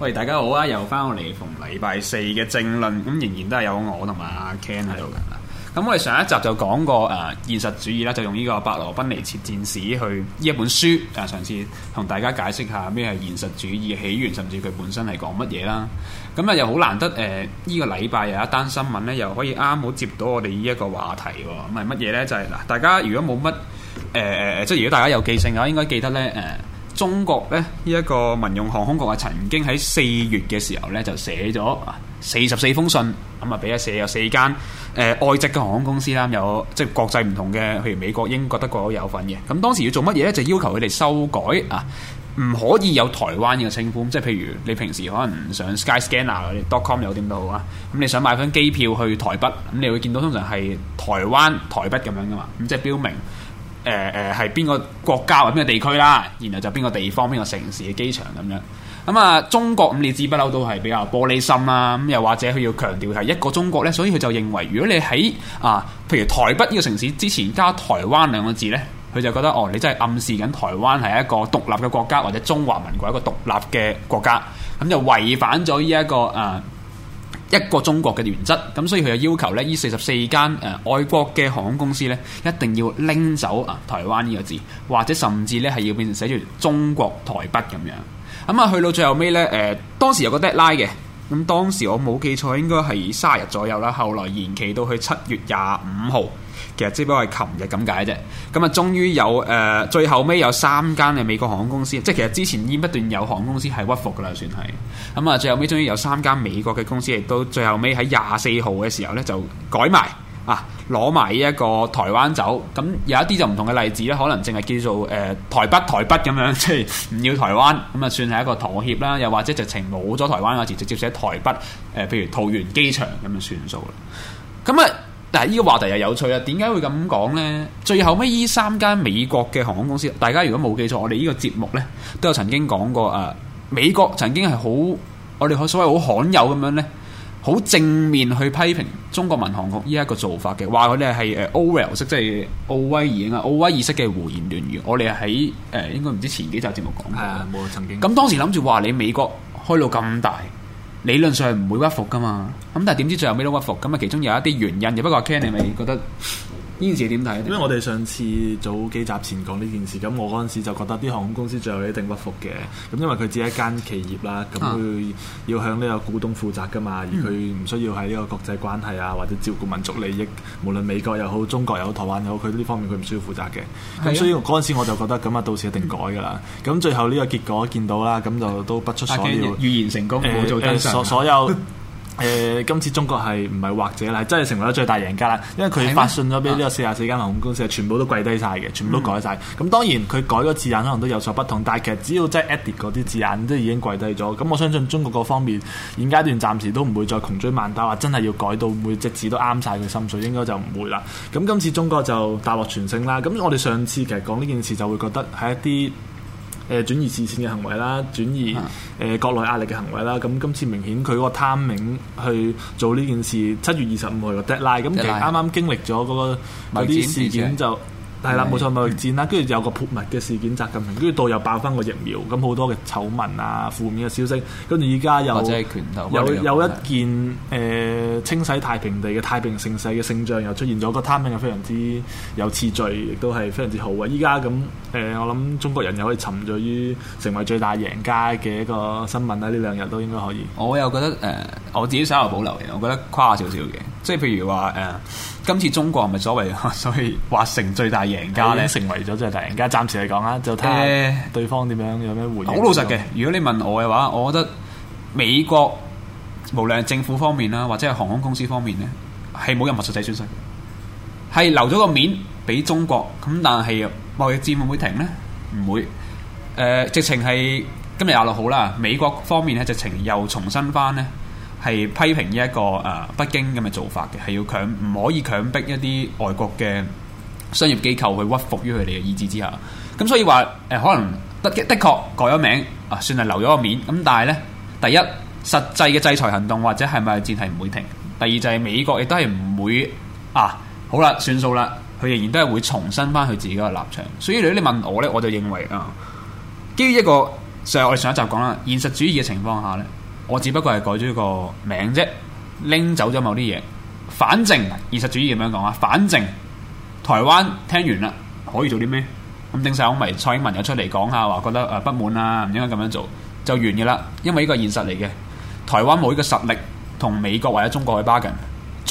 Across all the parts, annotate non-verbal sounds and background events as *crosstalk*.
喂，hey, 大家好啊！又翻我嚟，逢禮拜四嘅政論，咁、嗯、仍然都係有我同埋阿 Ken 喺度噶啦。咁我哋上一集就講過誒、呃、現實主義啦，就用呢個《白羅賓尼切戰史》去呢一本書。誒上次同大家解釋下咩係現實主義起源，甚至佢本身係講乜嘢啦。咁啊、嗯、又好難得誒依、呃這個禮拜有一單新聞咧，又可以啱好接到我哋呢一個話題喎。咁係乜嘢咧？就係、是、嗱，大家如果冇乜誒誒即係如果大家有記性嘅話，應該記得咧誒。呃呃中國咧呢一個民用航空局啊，曾經喺四月嘅時候咧，就寫咗四十四封信，咁啊俾啊寫有四間誒、呃、外籍嘅航空公司啦，有即係國際唔同嘅，譬如美國、英國、德國都有份嘅。咁當時要做乜嘢咧？就要求佢哋修改啊，唔可以有台灣嘅稱呼，即係譬如你平時可能上 Sky Scanner 嗰啲 dot com 有點都好啊，咁你想買翻機票去台北，咁你會見到通常係台灣台北咁樣噶嘛，咁即係標明。誒誒，係邊、呃呃、個國家或者邊個地區啦？然後就邊個地方、邊個城市嘅機場咁樣。咁、嗯、啊，中國咁你知不嬲都係比較玻璃心啦、啊。咁又或者佢要強調係一個中國呢。所以佢就認為如果你喺啊，譬如台北呢個城市之前加台灣兩個字呢，佢就覺得哦，你真係暗示緊台灣係一個獨立嘅國家，或者中華民國一個獨立嘅國家，咁、嗯、就違反咗呢一個啊。一個中國嘅原則，咁所以佢就要求呢依四十四間誒外國嘅航空公司咧，一定要拎走啊、呃、台灣呢個字，或者甚至咧係要變成寫住中國台北咁樣。咁、嗯、啊去到最後尾呢，誒、呃、當時有個 deadline 嘅，咁、嗯、當時我冇記錯應該係三十日左右啦，後來延期到去七月廿五號。其實只不過係琴日咁解啫，咁啊，終於有誒、呃、最後尾有三間嘅美國航空公司，即係其實之前已經不斷有航空公司係屈服噶啦，算係，咁啊，最後尾終於有三間美國嘅公司，亦都最後尾喺廿四號嘅時候咧，就改埋啊攞埋呢一個台灣走，咁有一啲就唔同嘅例子咧，可能淨係叫做誒、呃、台北台北咁樣，即係唔要台灣，咁啊算係一個妥協啦，又或者直情冇咗台灣個字，直接寫台北誒、呃，譬如桃園機場咁啊算數啦，咁啊。但係呢個話題又有趣啦，點解會咁講呢？最後尾呢三間美國嘅航空公司，大家如果冇記錯，我哋呢個節目呢都有曾經講過啊，美國曾經係好，我哋所謂好罕有咁樣呢，好正面去批評中國民航局呢一個做法嘅，話佢哋係誒 Orwell 式，即係奧威爾啊，奧威爾式嘅胡言亂語。我哋喺誒應該唔知前幾集節目講過。係冇曾經。咁當時諗住話你美國開到咁大。理論上唔會屈服㗎嘛，咁但係點知最後尾都屈服，咁啊其中有一啲原因，亦不過 Ken，你咪覺得？呢件事點睇？因為我哋上次早幾集前講呢件事，咁我嗰陣時就覺得啲航空公司最後一定屈服嘅。咁因為佢只係一間企業啦，咁佢要向呢個股東負責噶嘛，而佢唔需要喺呢個國際關係啊，或者照顧民族利益，無論美國又好、中國又好、台灣又好，佢呢方面佢唔需要負責嘅。咁、啊、所以嗰陣時我就覺得，咁啊到時一定改噶啦。咁 *laughs* 最後呢個結果見到啦，咁就都不出所料，預言成功。誒誒、呃呃，所所有。 *laughs* 誒、呃，今次中國係唔係或者啦，真係成為咗最大贏家啦，因為佢發信咗俾呢個四十四間航空公司，係嗎全部都跪低晒嘅，全部都改晒。咁、嗯、當然佢改嗰字眼可能都有所不同，但係其實只要即係 edit 嗰啲字眼都已經跪低咗。咁我相信中國嗰方面現階段暫時都唔會再窮追猛打，話真係要改到每隻字都啱晒佢心水，應該就唔會啦。咁今次中國就大獲全勝啦。咁我哋上次其實講呢件事就會覺得係一啲。誒轉移視線嘅行為啦，轉移誒國內壓力嘅行為啦，咁今次明顯佢個 timing 去做呢件事，七月二十五號係個 deadline，咁其實啱啱經歷咗嗰、嗰個嗰啲事件就。係啦，冇錯貿易戰啦，跟住、嗯、有個潑墨嘅事件習近平跟住度又爆翻個疫苗，咁好多嘅醜聞啊、負面嘅消息，跟住依家有有有一件誒、呃、清洗太平地嘅太平盛世嘅聖像，又出現咗、那個貪癥，又非常之有次序，亦都係非常之好啊！依家咁誒，我諗中國人又可以沉醉於成為最大贏家嘅一個新聞啦！呢兩日都應該可以。我又覺得誒、呃，我自己稍有保留嘅，我覺得誇少少嘅。即係譬如話誒、呃，今次中國係咪所謂 *laughs* 所謂劃成最大贏家咧？成為咗最大贏家，暫時嚟講啦，就睇對方點樣、呃、有咩回應。好老實嘅，如果你問我嘅話，我覺得美國無論係政府方面啦，或者係航空公司方面咧，係冇任何實際損失，係留咗個面俾中國。咁但係貿易戰會唔會停呢？唔會。誒、呃，直情係今日廿六號啦，美國方面咧直情又重新翻呢。係批評呢一個誒、呃、北京咁嘅做法嘅，係要強唔可以強迫一啲外國嘅商業機構去屈服於佢哋嘅意志之下。咁所以話誒、呃、可能的的確改咗名啊，算係留咗個面。咁、嗯、但係呢，第一實際嘅制裁行動或者係咪戰係唔會停。第二就係美國亦都係唔會啊。好啦，算數啦，佢仍然都係會重申翻佢自己嘅立場。所以如果你問我呢，我就認為啊，基於一個就我哋上一集講啦，現實主義嘅情況下呢。我只不過係改咗一個名啫，拎走咗某啲嘢。反正現實主義咁樣講啊，反正台灣聽完啦，可以做啲咩？咁整晒好咪蔡英文又出嚟講下，話覺得誒、呃、不滿啊，唔應該咁樣做，就完嘅啦。因為呢個現實嚟嘅，台灣冇呢個實力同美國或者中國去 bargain。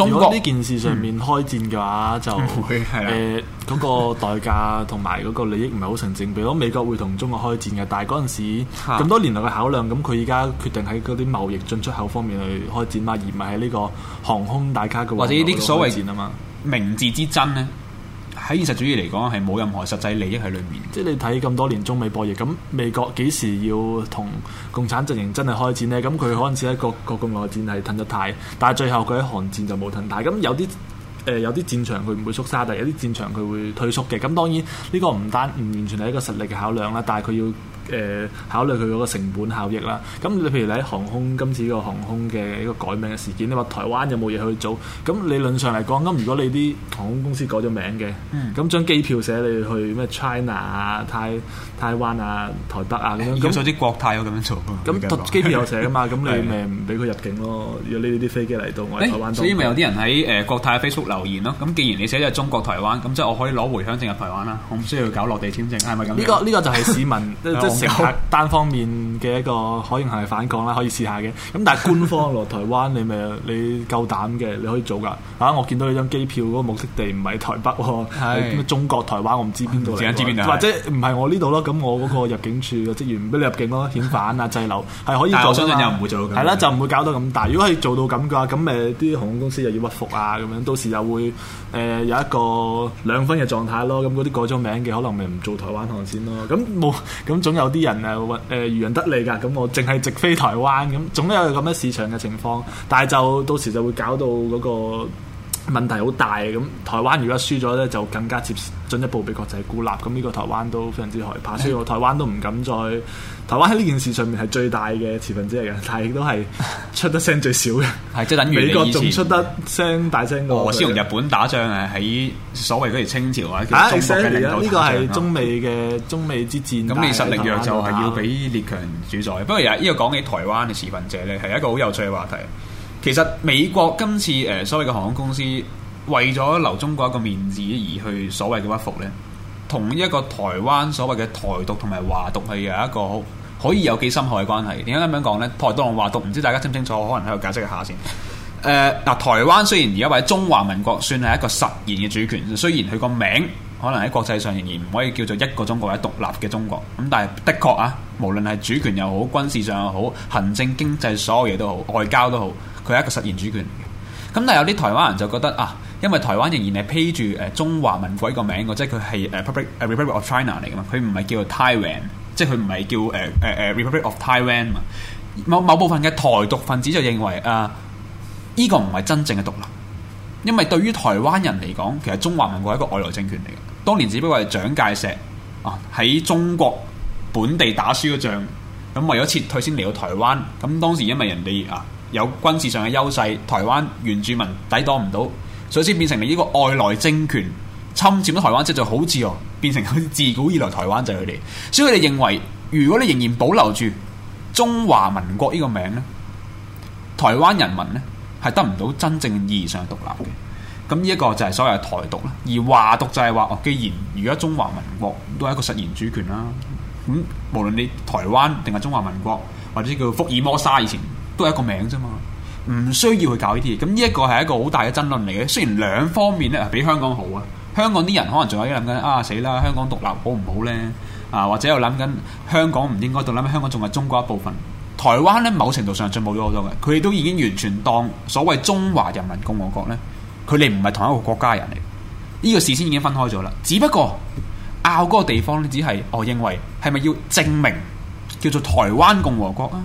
如果呢件事上面開戰嘅話，嗯、就誒嗰、 *laughs* 呃嗰個代價同埋嗰個利益唔係好成正比。如果美國會同中國開戰嘅，但係嗰陣時咁多年來嘅考量，咁佢而家決定喺嗰啲貿易進出口方面去開戰嘛，而唔係喺呢個航空大卡嘅或者呢啲所謂啊嘛名義之爭咧。喺現實主義嚟講，係冇任何實際利益喺裏面。即係你睇咁多年中美博弈，咁美國幾時要同共產陣營真係開戰呢？咁佢嗰陣時咧，各各個內戰係褪得太，但係最後佢喺韓戰就冇褪太。咁有啲誒、呃、有啲戰場佢唔會縮沙，但有啲戰場佢會退縮嘅。咁當然呢個唔單唔完全係一個實力嘅考量啦，但係佢要。誒、呃、考慮佢嗰個成本效益啦，咁你譬如你喺航空今次個航空嘅一個改名嘅事件，你話台灣有冇嘢去做？咁理論上嚟講，咁如果你啲航空公司改咗名嘅，咁、嗯、將機票寫你去咩 China 啊、泰台灣啊、台北啊咁樣，咁甚至國泰有咁樣做咁那、嗯、機票有寫㗎嘛，咁 *laughs* 你咪唔俾佢入境咯？如果呢啲啲飛機嚟到，我哋台誒，所以咪有啲人喺誒、呃、國泰 Facebook 留言咯。咁既然你寫咗係中國台灣，咁即係我可以攞回鄉證入台灣啦，我唔需要搞落地簽證，係咪咁？呢、呢個呢、呢個就係市民 *laughs* *laughs* 食單方面嘅一個可以係反抗啦，可以試下嘅。咁但係官方落 *laughs* 台灣，你咪你夠膽嘅，你可以做㗎。啊，我見到你張機票嗰個目的地唔係台北喎，係是、啊、中國台灣，我唔知邊度、嗯、或者唔係我呢度咯，咁是我嗰個入境處嘅職員唔俾你入境咯， *laughs* 遣返啊，滯留係可以做。但相信又唔會做到。係啦，就唔會搞到咁大。如果係做到咁嘅話，咁誒啲航空公司又要屈服啊，咁樣到時又會誒、呃、有一個兩分嘅狀態咯。咁嗰啲改咗名嘅，可能咪唔做台灣航線咯。咁冇，咁總有。啲人啊，誒、呃，漁人得利噶。咁我淨係直飛台灣，咁，總有咁樣市場嘅情況，但係就到時就會搞到嗰、嗰個。問題好大咁，台灣如果輸咗咧，就更加接進一步俾國際孤立。咁呢個台灣都非常之害怕，所以我台灣都唔敢再。台灣喺呢件事上面係最大嘅持份者嚟嘅，但係亦都係出得聲最少嘅。係即係等於美國仲出得聲大聲過。我先同日本打仗啊，喺所謂嗰啲清朝啊，中國嘅領導。啊，呢個係中美嘅中美之戰？咁你實力弱就係要俾列強主宰。嗯、不過呢個講起台灣嘅持份者咧，係一個好有趣嘅話題。其實美國今次誒、呃、所謂嘅航空公司為咗留中國一個面子而去所謂嘅屈服呢，同一個台灣所謂嘅台獨同埋華獨，係有一個可以有幾深厚嘅關係。點解咁樣講呢？台獨同華獨，唔知大家清唔清楚？可能喺度解釋一下先。誒、呃、嗱，台灣雖然而家為中華民國算係一個實現嘅主權，雖然佢個名。可能喺國際上仍然唔可以叫做一個中國或者獨立嘅中國咁，但係的確啊，無論係主權又好，軍事上又好，行政經濟所有嘢都好，外交都好，佢係一個實現主權嚟嘅。咁但係有啲台灣人就覺得啊，因為台灣仍然係披住誒、呃、中華民國個名即係佢係誒 Republic Republic of China 嚟嘅嘛，佢唔係叫做 Taiwan，即係佢唔係叫誒誒誒 Republic of Taiwan 嘛。某某部分嘅台獨分子就認為啊，呢、呢個唔係真正嘅獨立，因為對於台灣人嚟講，其實中華民國係一個外來政權嚟嘅。當年只不過係蔣介石啊喺中國本地打輸咗仗，咁為咗撤退先嚟到台灣。咁當時因為人哋啊有軍事上嘅優勢，台灣原住民抵擋唔到，所以先變成嚟呢個外來政權侵佔咗台灣，即係就好似哦，變成自古以來台灣就係佢哋。所以佢哋認為，如果你仍然保留住中華民國呢個名咧，台灣人民咧係得唔到真正意義上獨立嘅。咁呢一個就係所謂台獨啦，而華獨就係話哦，既然而家中華民國都係一個實現主權啦、啊，咁、嗯、無論你台灣定係中華民國，或者叫福爾摩沙，以前都係一個名啫嘛，唔需要去搞呢啲。咁呢一個係一個好大嘅爭論嚟嘅。雖然兩方面咧，比香港好啊。香港啲人可能仲有諗緊啊，死啦！香港獨立好唔好咧？啊，或者又諗緊香港唔應該獨立，香港仲係中國一部分。台灣咧，某程度上進步咗好多嘅，佢都已經完全當所謂中華人民共和國咧。佢哋唔係同一個國家人嚟，呢個事先已經分開咗啦。只不過拗嗰個地方咧，只係我認為係咪要證明叫做台灣共和國啊？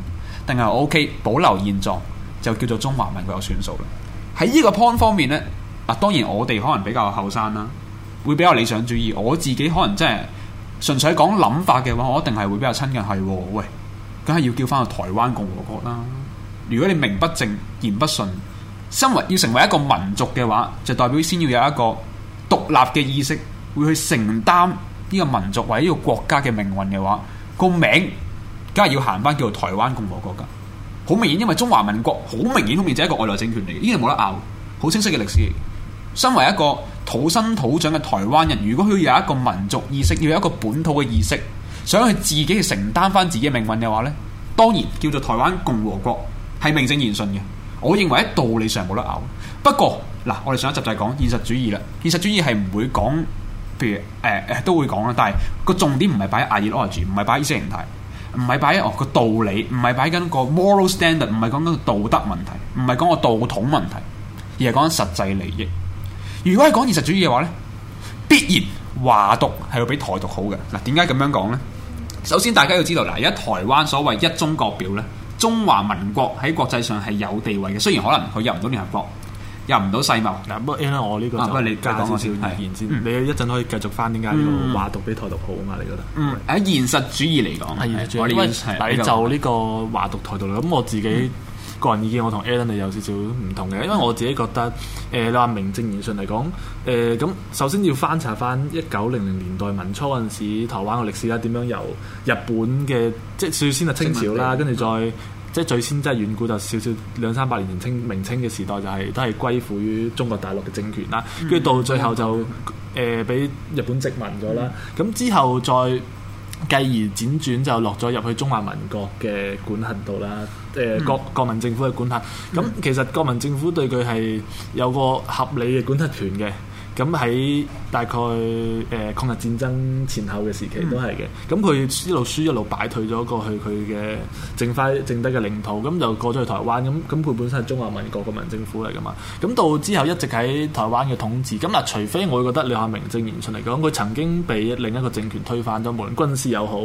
定係 OK 保留現狀就叫做中華民國有算數啦。喺呢個 point 方面呢，嗱當然我哋可能比較後生啦，會比較理想主義。我自己可能真係純粹講諗法嘅話，我一定係會比較親近係、哦，喂，梗係要叫翻個台灣共和國啦、啊。如果你名不正言不順。身為要成為一個民族嘅話，就代表先要有一個獨立嘅意識，會去承擔呢個民族或者呢個國家嘅命運嘅話，這個名梗係要行翻叫做台灣共和國嘅。好明顯，因為中華民國好明顯方面就係一個外來政權嚟，呢個冇得拗。好清晰嘅歷史。身為一個土生土長嘅台灣人，如果佢有一個民族意識，要有一個本土嘅意識，想去自己去承擔翻自己嘅命運嘅話呢，當然叫做台灣共和國係名正言順嘅。我認為喺道理上冇得拗，不過嗱，我哋上一集就係講現實主義啦。現實主義係唔會講，譬如誒誒、呃呃、都會講啦，但係個重點唔係擺喺 ideology，唔係擺意識形態，唔係擺哦個道理，唔係擺緊個 moral standard，唔係講緊道德問題，唔係講個道統問題，而係講實際利益。如果係講現實主義嘅話咧，必然華獨係會比台獨好嘅。嗱，點解咁樣講咧？首先大家要知道嗱，而家台灣所謂一中國表咧。中華民國喺國際上係有地位嘅，雖然可能佢入唔到聯合國，入唔到世貿。嗱，不過 Allen，我呢個啊，唔該你加少少意見先。你一陣可以繼續翻點解呢個華獨比台獨好啊嘛？你覺得？嗯，喺現實主義嚟講，我哋現實主義就呢個華獨台獨啦。咁我自己個人意見，我同 Allen 你有少少唔同嘅，因為我自己覺得，誒你話名正言順嚟講，誒咁首先要翻查翻一九零零年代民初嗰陣時台灣嘅歷史啦，點樣由日本嘅即係首先係清朝啦，跟住再。即係最先即係遠古就少少兩三百年前，清明清嘅時代就係都係歸附於中國大陸嘅政權啦。跟住、嗯、到最後就誒俾、嗯呃、日本殖民咗啦。咁、嗯、之後再繼而輾轉就落咗入去中華民國嘅管轄度啦。誒、呃、國、嗯、國民政府嘅管轄，咁、嗯、其實國民政府對佢係有個合理嘅管轄權嘅。咁喺大概誒、呃、抗日戰爭前後嘅時期都係嘅，咁佢一路輸一路敗退咗過去佢嘅剩翻剩低嘅領土，咁就過咗去台灣，咁咁佢本身係中華民國國民政府嚟噶嘛。咁到之後一直喺台灣嘅統治。咁啊除非我覺得你話名正言順嚟講，佢曾經被另一個政權推翻咗，無論軍事又好，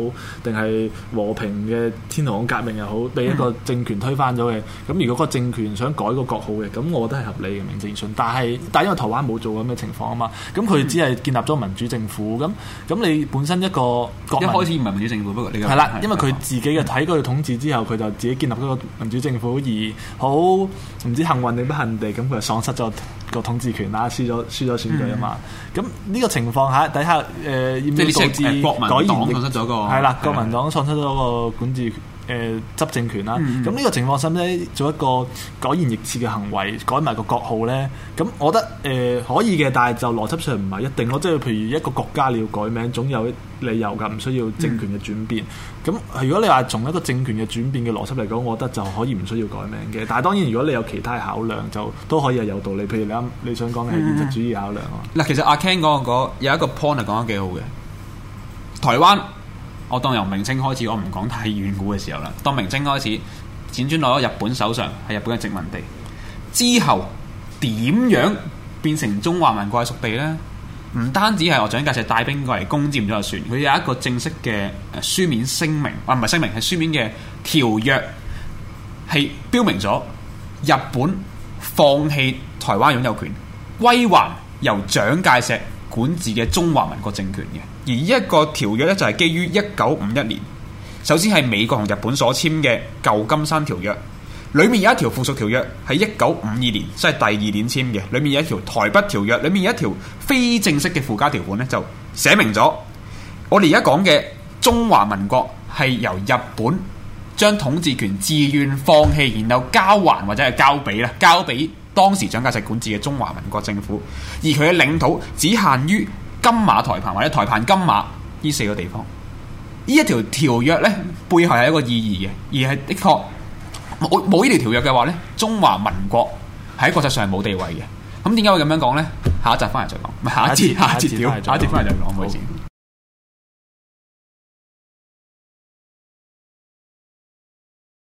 定係和平嘅天皇革命又好，被一個政權推翻咗嘅。咁、嗯、如果個政權想改個國號嘅，咁我覺得係合理嘅名正言順，但係但因為台灣冇做咁嘅情啊嘛，咁佢、嗯、只係建立咗民主政府，咁咁你本身一個國一開始唔係民主政府，不過你係啦，了因為佢自己嘅喺度統治之後，佢、嗯、就自己建立咗個民主政府，而好唔知幸運定不幸地，咁佢就喪失咗個統治權啦，輸咗輸咗選舉啊嘛，咁呢、嗯、個情況下底下誒，即、呃、係導致國民黨喪失咗個係啦，國民黨喪失咗個管治誒、呃、執政權啦，咁呢、嗯、個情況使唔使做一個改旗易幟嘅行為，改埋個國號咧？咁我覺得誒、呃、可以嘅，但係就邏輯上唔係一定咯，即、就、係、是、譬如一個國家你要改名，總有一理由㗎，唔需要政權嘅轉變。咁，嗯、如果你話從一個政權嘅轉變嘅邏輯嚟講，我覺得就可以唔需要改名嘅。但係當然，如果你有其他考量，就都可以係有道理。譬如你啱你想講嘅係現實主義考量嗱、嗯，其實阿 Ken 講個有一個 point 係講得幾好嘅。台灣，我當由明清開始，我唔講太遠古嘅時候啦。當明清開始，輾轉落咗日本手上，係日本嘅殖民地。之後點樣變成中華民國屬地呢？唔單止係我蔣介石帶兵過嚟攻佔咗就算，佢有一個正式嘅書面聲明，啊，唔係聲明係書面嘅條約，係標明咗日本放棄台灣擁有權，歸還由蔣介石管治嘅中華民國政權嘅。而呢一個條約咧，就係基於一九五一年首先係美國同日本所簽嘅舊金山條約。裏面有一條附屬條約，係一九五二年，即係第二年簽嘅。裏面有一條台北條約，裏面有一條非正式嘅附加條款咧，就寫明咗，我哋而家講嘅中華民國係由日本將統治權自願放棄，然後交還或者係交俾啦，交俾當時蔣介石管治嘅中華民國政府，而佢嘅領土只限於金馬台澎或者台澎金馬呢四個地方。一條條呢一條條約咧，背後係一個意義嘅，而係的確。冇冇呢條條約嘅話咧，中華民國喺國際上係冇地位嘅。咁點解會咁樣講咧？下一集翻嚟再講。唔係下一節下一節，下一節翻嚟再講為止。好